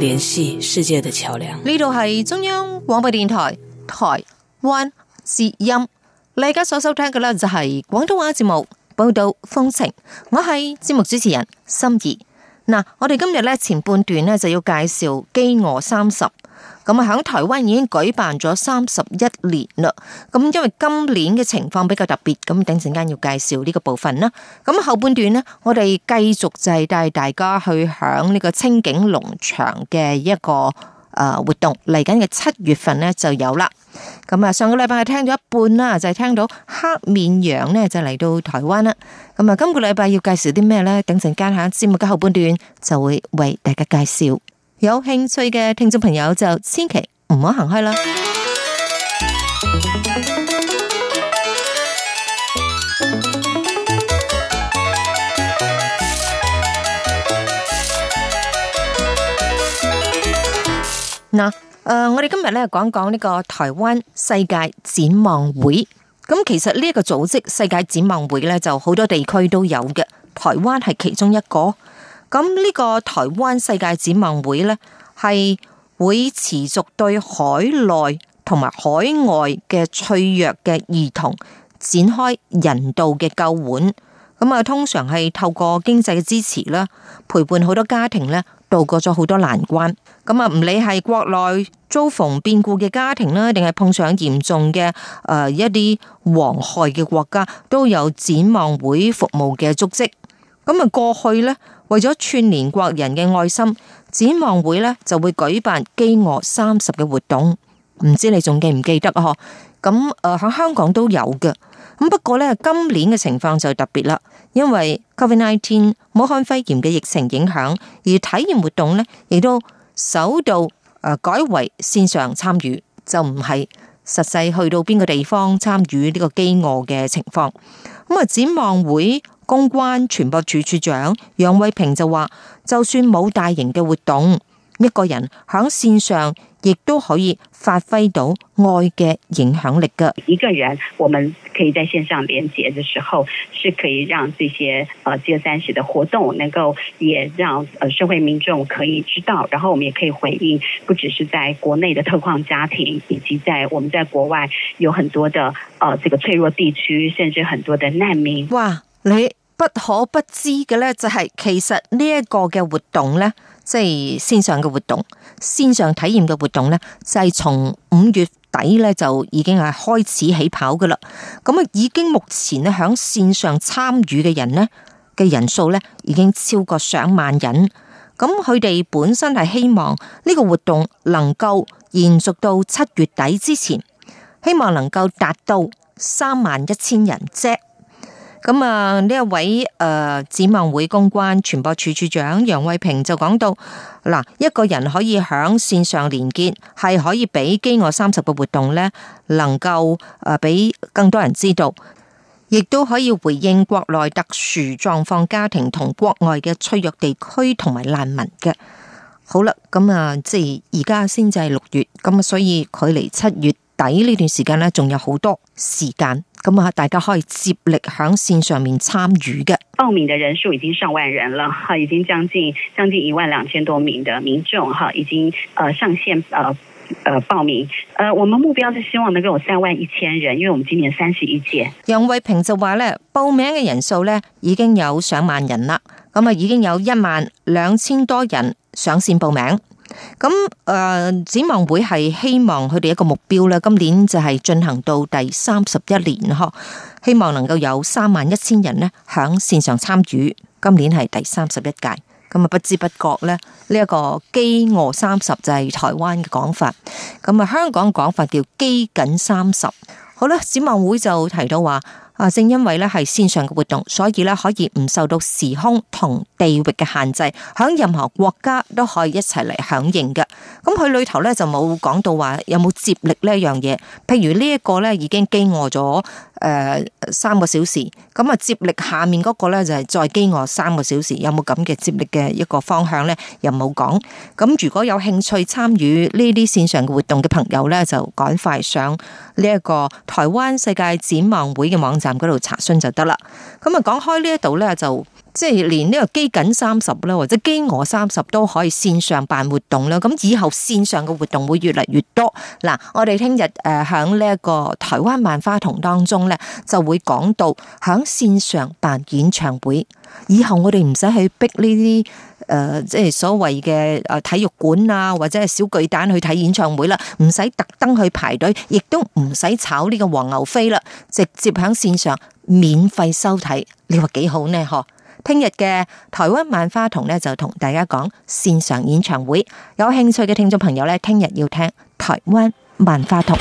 聯繫世界的橋樑。呢度係中央廣播電台台灣之音，你而家所收聽嘅咧就係廣東話節目報道風情。我係節目主持人心儀。嗱，我哋今日咧前半段咧就要介紹《飢餓三十》。咁啊，喺台灣已經舉辦咗三十一年啦。咁因為今年嘅情況比較特別，咁等陣間要介紹呢個部分啦。咁後半段咧，我哋繼續就係帶大家去響呢個清境農場嘅一個誒活動。嚟緊嘅七月份咧就有啦。咁啊，上個禮拜係聽咗一半啦，就係聽到黑面羊咧就嚟到台灣啦。咁啊，今個禮拜要介紹啲咩咧？等陣間響節目嘅後半段就會為大家介紹。有興趣嘅聽眾朋友就千祈唔好行開啦。嗱、嗯，誒、呃，我哋今日咧講講呢個台灣世界展望會。咁其實呢一個組織世界展望會咧，就好多地區都有嘅，台灣係其中一個。咁呢個台灣世界展望會咧，係會持續對海內同埋海外嘅脆弱嘅兒童展開人道嘅救援。咁啊，通常係透過經濟嘅支持啦，陪伴好多家庭咧渡過咗好多難關。咁啊，唔理係國內遭逢變故嘅家庭啦，定係碰上嚴重嘅誒一啲蝗害嘅國家，都有展望會服務嘅足跡。咁啊，過去呢，為咗串連國人嘅愛心，展望會呢就會舉辦飢餓三十嘅活動，唔知你仲記唔記得嗬？咁誒喺香港都有嘅，咁不過呢，今年嘅情況就特別啦，因為 COVID-19 武漢肺炎嘅疫情影響，而體驗活動呢亦都首度改為線上參與，就唔係實際去到邊個地方參與呢個飢餓嘅情況，咁啊展望會。公關傳播處處長楊惠萍就話，就算冇大型嘅活動，一個人響線上亦都可以發揮到愛嘅影響力嘅。一個人，我們可以在線上連接嘅時候，是可以讓這些啊，飢餓三十的活動能夠也讓社會民眾可以知道，然後我們也可以回應，不只是在國內的特困家庭，以及在我們在國外有很多的啊，這個脆弱地區，甚至很多的難民。哇，你。不可不知嘅呢，就係其實呢一個嘅活動呢，即係線上嘅活動，線上體驗嘅活動呢，就係從五月底呢，就已經係開始起跑噶啦。咁啊，已經目前呢，響線上參與嘅人呢嘅人數呢，已經超過上萬人。咁佢哋本身係希望呢個活動能夠延續到七月底之前，希望能夠達到三萬一千人啫。咁啊！呢一位誒，展望會公關傳播處處長楊惠萍就講到：嗱，一個人可以響線上連結，係可以俾飢餓三十個活動咧，能夠誒俾更多人知道，亦都可以回應國內特殊狀況家庭同國外嘅脆弱地區同埋難民嘅。好啦，咁啊，即係而家先至係六月，咁啊，所以距離七月底呢段時間咧，仲有好多時間。大家可以接力響線上面參與嘅，報名嘅人數已經上萬人了，已經將近將近一萬兩千多名的民眾已經上線、呃、報名、呃。我們目標是希望能夠有三萬一千人，因為我們今年三十一屆。楊惠萍就話報名嘅人數已經有上萬人了，已經有一萬兩千多人上線報名。咁誒，展望會係希望佢哋一個目標咧，今年就係進行到第三十一年呵，希望能夠有三萬一千人咧響線上參與，今年係第三十一屆。咁啊，不知不覺咧，呢一個飢餓三十就係台灣嘅講法，咁啊，香港講法叫饑饉三十。好啦，展望會就提到話。啊，正因為咧係線上嘅活動，所以咧可以唔受到時空同地域嘅限制，響任何國家都可以一齊嚟響應嘅。咁佢裏頭咧就冇講到話有冇接力呢一樣嘢，譬如呢一個咧已經飢餓咗誒、呃、三個小時，咁啊接力下面嗰個咧就係再飢餓三個小時，有冇咁嘅接力嘅一個方向咧？又冇講。咁如果有興趣參與呢啲線上嘅活動嘅朋友咧，就趕快上。呢一個台灣世界展望會嘅網站嗰度查詢就得啦。咁啊，講開呢一度咧，就即係連呢個基緊三十啦，或者飢餓三十都可以綫上辦活動啦。咁以後綫上嘅活動會越嚟越多。嗱，我哋聽日誒，響呢一個台灣萬花筒當中咧，就會講到響綫上辦演唱會。以後我哋唔使去逼呢啲。誒、呃，即係所謂嘅誒體育館啊，或者係小巨蛋去睇演唱會啦，唔使特登去排隊，亦都唔使炒呢個黃牛飛啦，直接響線上免費收睇，你話幾好呢？嗬！聽日嘅台灣萬花筒呢，就同大家講線上演唱會，有興趣嘅聽眾朋友呢，聽日要聽台灣萬花筒。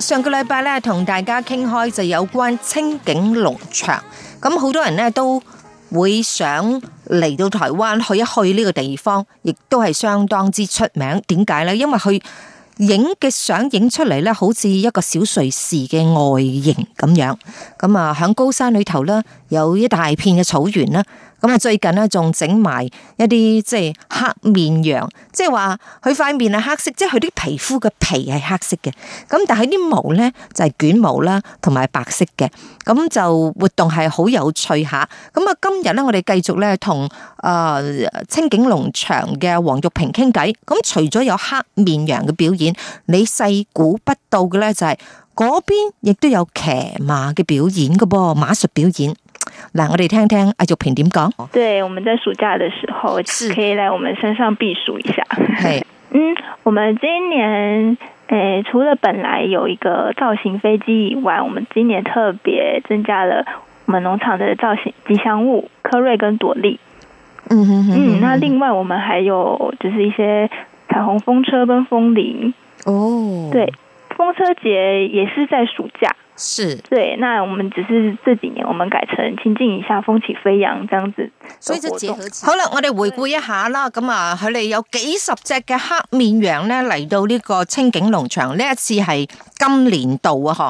上個禮拜咧，同大家傾開就有關清境農場。咁好多人呢，都會想嚟到台灣去一去呢個地方，亦都係相當之出名。點解呢？因為佢影嘅相影出嚟呢，好似一個小瑞士嘅外形咁樣。咁啊，喺高山裏頭呢，有一大片嘅草原啦。咁啊，最近咧仲整埋一啲即係黑面羊，即係話佢塊面係黑色，即係佢啲皮膚嘅皮係黑色嘅。咁但係啲毛咧就係捲毛啦，同埋白色嘅。咁就活動係好有趣下。咁啊，今日咧我哋繼續咧同啊清境農場嘅黃玉平傾偈。咁除咗有黑面羊嘅表演，你細估不到嘅咧就係嗰邊亦都有騎馬嘅表演㗎噃，馬術表演。來，我哋聽聽阿玉平點講。對，我們在暑假的時候，是可以來我們山上避暑一下。 hey. 嗯，我們今年、哎、除了本來有一個造型飛機以外，我們今年特別增加了我們農場的造型吉祥物科瑞跟朵麗。嗯、mm-hmm. 嗯嗯。那另外我們還有就是一些彩虹風車跟風鈴。哦、oh. 對，風車節也是在暑假。是對，那我們只是這幾年，我們改成清境一下，風起飛揚這樣子，所以好了，我哋回顧一下啦，咁啊，佢哋有幾十隻嘅黑面羊咧，嚟到呢個清境農場，呢一次係今年度啊，嗬，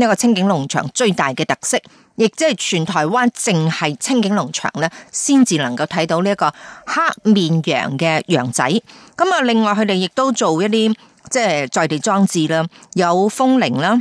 呢一個清境農場最大嘅特色，亦即係全台灣淨係清境農場咧，先至能夠睇到呢一個黑面羊嘅羊仔。咁啊，另外佢哋亦都做一啲即係在地裝置啦，有風鈴啦。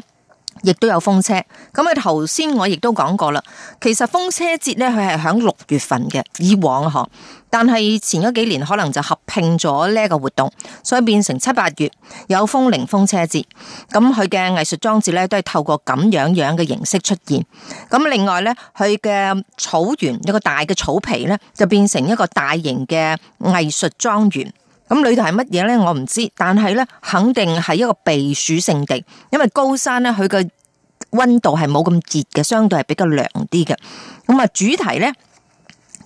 亦都有風車，咁啊，頭先我亦都講過啦。其實風車節咧，佢係喺六月份嘅以往嗬，但係前嗰幾年可能就合拼咗呢一個活動，所以變成七八月有風鈴風車節。咁佢嘅藝術裝置咧，都係透過咁樣樣嘅形式出現。咁另外咧，佢嘅草原一個大嘅草皮咧，就變成一個大型嘅藝術莊園。咁裏頭係乜嘢呢？我唔知道，但係呢，肯定係一個避暑勝地，因為高山呢，佢嘅溫度係冇咁熱嘅，相對係比較涼啲嘅。咁啊，主題呢？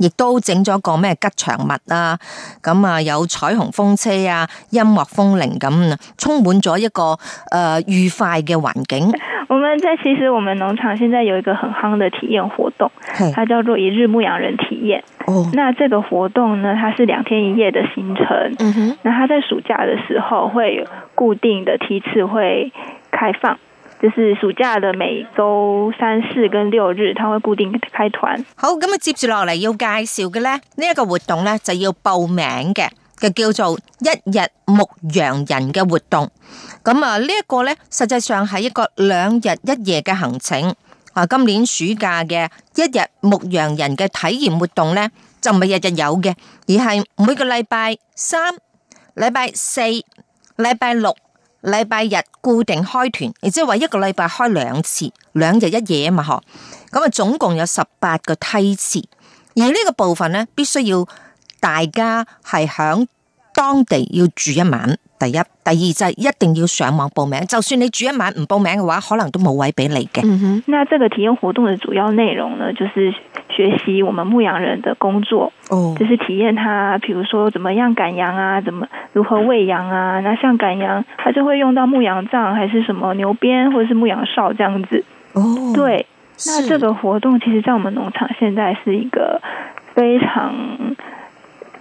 亦都整咗個咩吉祥物啊？咁啊有彩虹風車啊、音樂風鈴咁，充滿咗一個誒愉快嘅環境。我們在其實我們農場現在有一個很夯嘅體驗活動，它叫做一日牧羊人體驗。哦，那這個活動呢，它是兩天一夜的行程。嗯哼，那它在暑假嘅時候會有固定的梯次會開放。就是暑假的每週三四跟六日，他會固定開團。好，咁啊，接住落嚟要介紹嘅咧，呢一個活動咧就要報名嘅，就叫做一日牧羊人嘅活動。咁啊，呢一個咧實際上係一個兩日一夜嘅行程。啊，今年暑假嘅一日牧羊人嘅體驗活動咧，就唔係日日有嘅，而係每個禮拜三、禮拜四、禮拜六，禮拜日固定開團，亦即係話一個禮拜開兩次，兩日一夜嘛，嗬，總共有十八個梯次，而呢個部分呢，必須要大家係響當地要住一晚。第一、第二就係一定要上網報名，就算你住一晚唔報名嘅話，可能都冇位俾你嘅。嗯哼，那這個體驗活動的主要內容呢，就是學習我們牧羊人的工作，哦，就是體驗他，譬如說怎麼樣趕羊啊，怎麼如何餵羊啊。那像趕羊，他就會用到牧羊杖，還是什麼牛鞭，或者是牧羊哨這樣子。哦，對，那這個活動其實在我們農場現在是一個非常。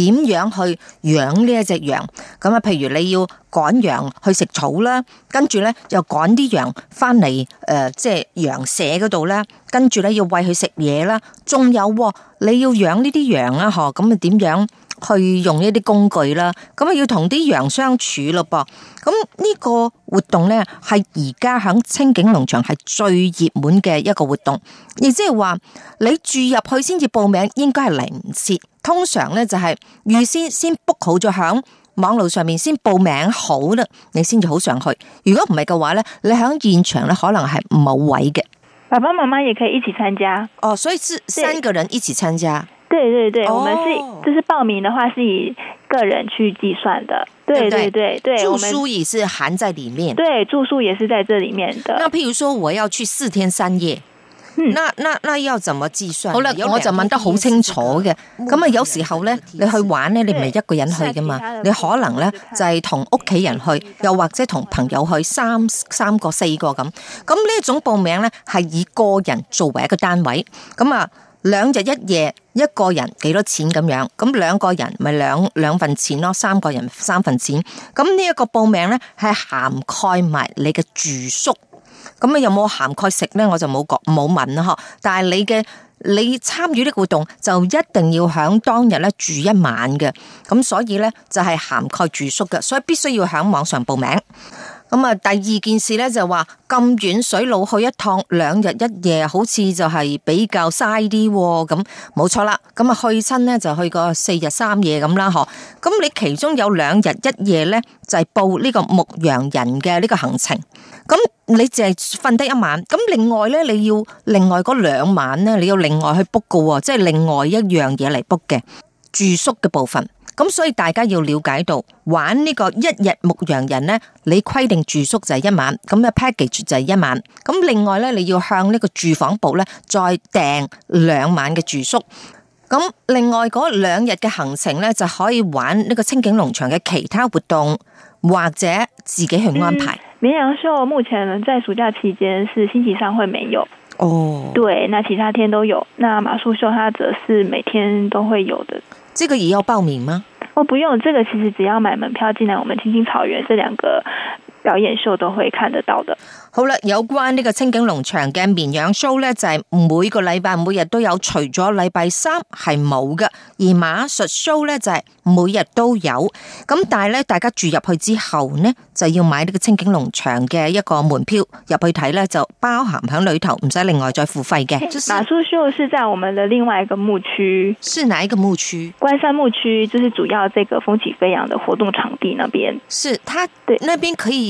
點樣去養呢一隻羊？咁啊，譬如你要趕羊去食草啦，跟住咧又趕啲羊翻嚟誒，即係羊舍嗰度啦。跟住咧要餵佢食嘢啦，仲有喎，你要養呢啲羊啦，嗬，咁啊點樣？去用呢啲工具啦，咁啊要同啲羊相處咯噃。咁呢個活動呢，係而家響清境農場係最熱門嘅一個活動，亦即係話你住入去先至報名，應該係嚟唔切。通常呢，就係、是、預先先 book 好咗響網路上面先報名好啦，你先至好上去。如果唔係嘅話呢，你響現場呢，可能係冇位嘅。爸爸媽媽亦可以一齊參加。哦，所以三個人一齊參加。對對對，我們是，就、哦、是報名的話是以個人去計算的，對對對對，對，住宿也是含在裏面，對，住宿也是在這裏面的。那譬如說我要去四天三夜，嗯，那那那要怎麼計算？好啦，我就問得好清楚嘅，咁、嗯、啊，咁有時候咧你去玩咧，你唔係一個人去噶嘛，的你可能咧就係同屋企人去，又或者同朋友去，三三個四個咁，咁呢一種報名咧係以個人作為一個單位，咁啊。兩日一夜一個人幾多錢咁樣，咁兩個人咪兩兩份錢咯，三個人三份錢。咁呢一個報名咧係涵蓋埋你嘅住宿，咁啊有冇涵蓋食咧？我就冇講冇問啦呵。但係你嘅你參與呢個活動就一定要響當日咧住一晚嘅，咁所以咧就係、是、涵蓋住宿嘅，所以必須要響網上報名。咁啊，第二件事咧就話咁遠水路去一趟兩日一夜，好似就係比較嘥啲咁，冇錯啦。咁啊去親咧就去個四日三夜咁啦，嗬。咁你其中有兩日一夜咧就係報呢個牧羊人嘅呢個行程。咁你淨係瞓得一晚，咁另外咧你要另外嗰兩晚咧，你要另外去 book 嘅喎，即係另外一樣嘢嚟 book 嘅住宿嘅部分。咁所以大家要了解到玩呢個一日牧羊人呢，你規定住宿就係一晚，咁、那、嘅、個、package 就係一晚。咁另外呢，你要向呢個住房部呢再訂兩晚嘅住宿。咁另外嗰兩日嘅行程呢，就可以玩呢個清境農場嘅其他活動，或者自己去安排。綿、嗯、羊秀目前在暑假期間是星期三會沒有哦，對，那其他天都有。那馬術秀，他則是每天都會有的。這個也要報名嗎？哦，不用，這個其實只要買門票進來，我們青青草原這兩個。表演 show 都會看得到的。好啦，有關呢個清境農場嘅綿羊 show 咧，就係、是、每個禮拜每日都有，除咗禮拜三係冇嘅。而馬術 show 咧，就係、是、每日都有。咁但係咧，大家住入去之後呢，就要買呢個清境農場嘅一個門票入去睇咧，就包含喺裏頭，唔使另外再付費嘅、就是。馬術 show 是在我們的另外一個牧區，是哪一個牧區？關山牧區，就是主要這個風起飛揚的活動場地那邊。是，它對，那邊可以。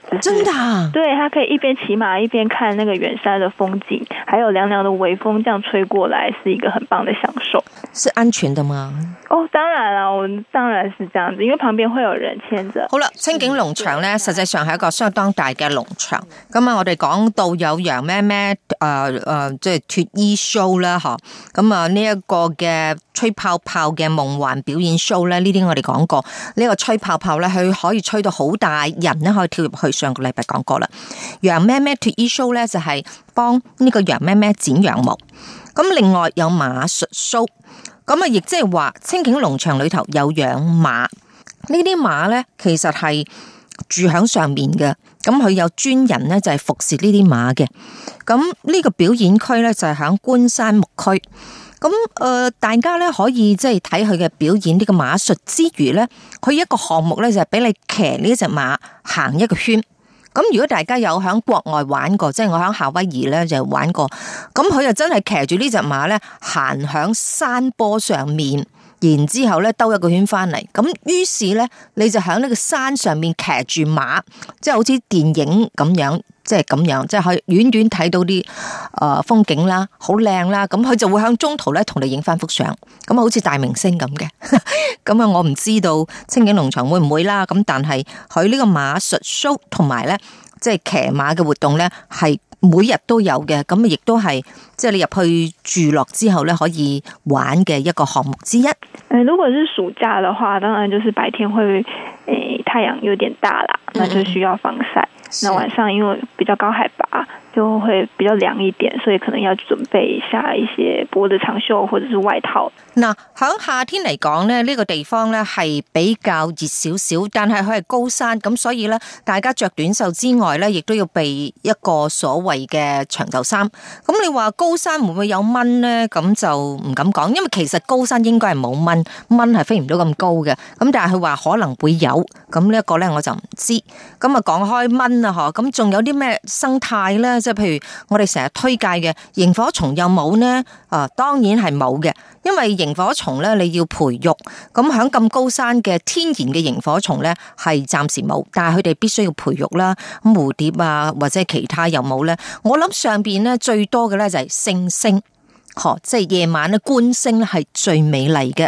真的，啊，對，他可以一邊騎馬一邊看那個遠山的風景，還有涼涼的微風這樣吹過來，是一個很棒的享受。是安全的嗎？哦，當然啦，我當然是這樣子，因為旁邊會有人牽着。好啦，清境農場呢，是實際上係一個相當大嘅農場。咁啊，我哋講到有羊咩咩，誒、呃、誒、呃，即係脫衣 show 啦，嗬。咁啊，呢一個嘅吹泡泡嘅夢幻表演 show 咧，呢啲我哋講過，呢個吹泡泡咧，佢，這個、可以吹到好大，人咧可以跳入去。上個禮拜講過啦，羊咩咩脱衣 show 咧就係幫呢個羊咩咩剪羊毛，咁另外有馬術 show，咁啊亦即係話清境農場裏頭有養馬，呢啲馬咧其實係住喺上面嘅，咁佢有專人咧就係服侍呢啲馬嘅，咁、這、呢個表演區咧就係喺觀山牧區。咁誒，大家咧可以即係睇佢嘅表演呢個馬術之餘咧，佢一個項目咧就係俾你騎呢隻馬行一個圈。咁如果大家有喺國外玩過，即係我喺夏威夷咧就玩過。咁佢又真係騎住呢隻馬咧，行響山坡上面，然之後咧兜一個圈翻嚟。咁於是咧，你就喺呢個山上面騎住馬，即係好似電影咁樣。即係咁樣，即係可以遠遠睇到啲誒風景啦，好靚啦，咁佢就會喺中途咧同你影翻幅相，咁啊好似大明星咁嘅。咁啊，我唔知道清境農場會唔會啦，咁但係佢呢個馬術 show 同埋咧，即係騎馬嘅活動咧係每日都有嘅，咁亦都係即係你入去住落之後咧可以玩嘅一個項目之一。誒，如果是暑假嘅話，當然就是白天會誒、欸、太陽有點大啦，那就需要防曬。那晚上因為比較高海拔。就會比較涼一點，所以可能要準備下一些薄的長袖，或者是外套。嗱，響夏天嚟講咧，呢個地方咧係比較熱少少，但係佢係高山，咁所以咧，大家着短袖之外咧，亦都要備一個所謂嘅長袖衫。咁你話高山會唔會有蚊咧？咁就唔敢講，因為其實高山應該係冇蚊，蚊係飛唔到咁高嘅。咁但係佢話可能會有，咁呢一個咧我就唔知。咁啊，講開蚊啊，嗬，咁仲有啲咩生態咧？即係譬如我哋成日推介嘅螢火蟲有冇呢？啊，當然係冇嘅，因為螢火蟲咧你要培育，咁響咁高山嘅天然嘅螢火蟲咧係暫時冇，但係佢哋必須要培育啦。咁蝴蝶啊或者其他有冇呢？我諗上邊咧最多嘅咧就係星星，即係夜晚咧觀星咧係最美麗嘅。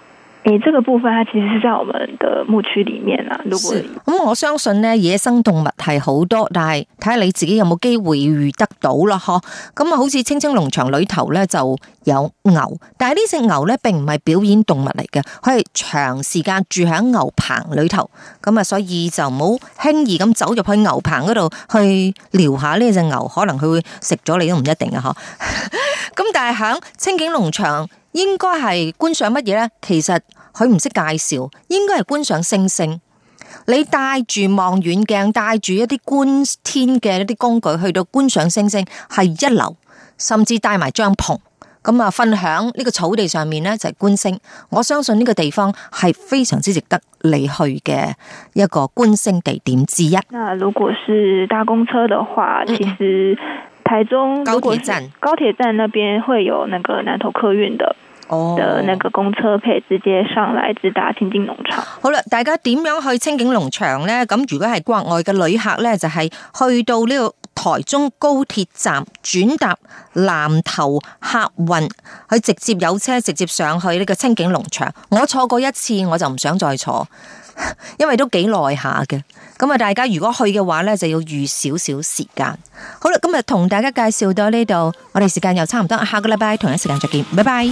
你這個部分，它其實是在我們的牧區裏面，如果咁，我相信呢野生動物係好多，但係睇下你自己有冇機會遇得到咯，嗬。咁、嗯、啊，好似青青農場裏頭呢就有牛，但係呢隻牛呢並唔係表演動物嚟嘅，佢係長時間住喺牛棚裏頭，咁啊，所以就唔好輕易咁走入去牛棚嗰度去撩下呢隻牛，可能佢會食咗你都唔一定嘅，嗬。咁、嗯、但係喺青景農場。應該係觀賞乜嘢呢？其實佢唔識介紹，應該係觀賞星星。你戴住望遠鏡，戴住一啲觀天嘅一啲工具去到觀賞星星，係一流。甚至帶埋張篷，咁啊分享呢個草地上面呢，就係觀星。我相信呢個地方係非常之值得你去嘅一個觀星地點之一。如果是搭公車的話，其實。台中高鐵站高鐵站那邊會有那個南投客運的，的那個公車可以、哦、直接上來直達清境農場。好啦，大家點樣去清境農場呢？咁如果係國外嘅旅客呢就係、是、去到呢個台中高鐵站轉搭南投客運，佢直接有車直接上去呢個清境農場。我坐過一次，我就唔想再坐。因為都幾耐下嘅，咁啊，大家如果去嘅話呢，就要預少少時間。好啦，今日，同大家介紹到呢度，我哋時間又差唔多，下個禮拜同一時間再見，拜拜。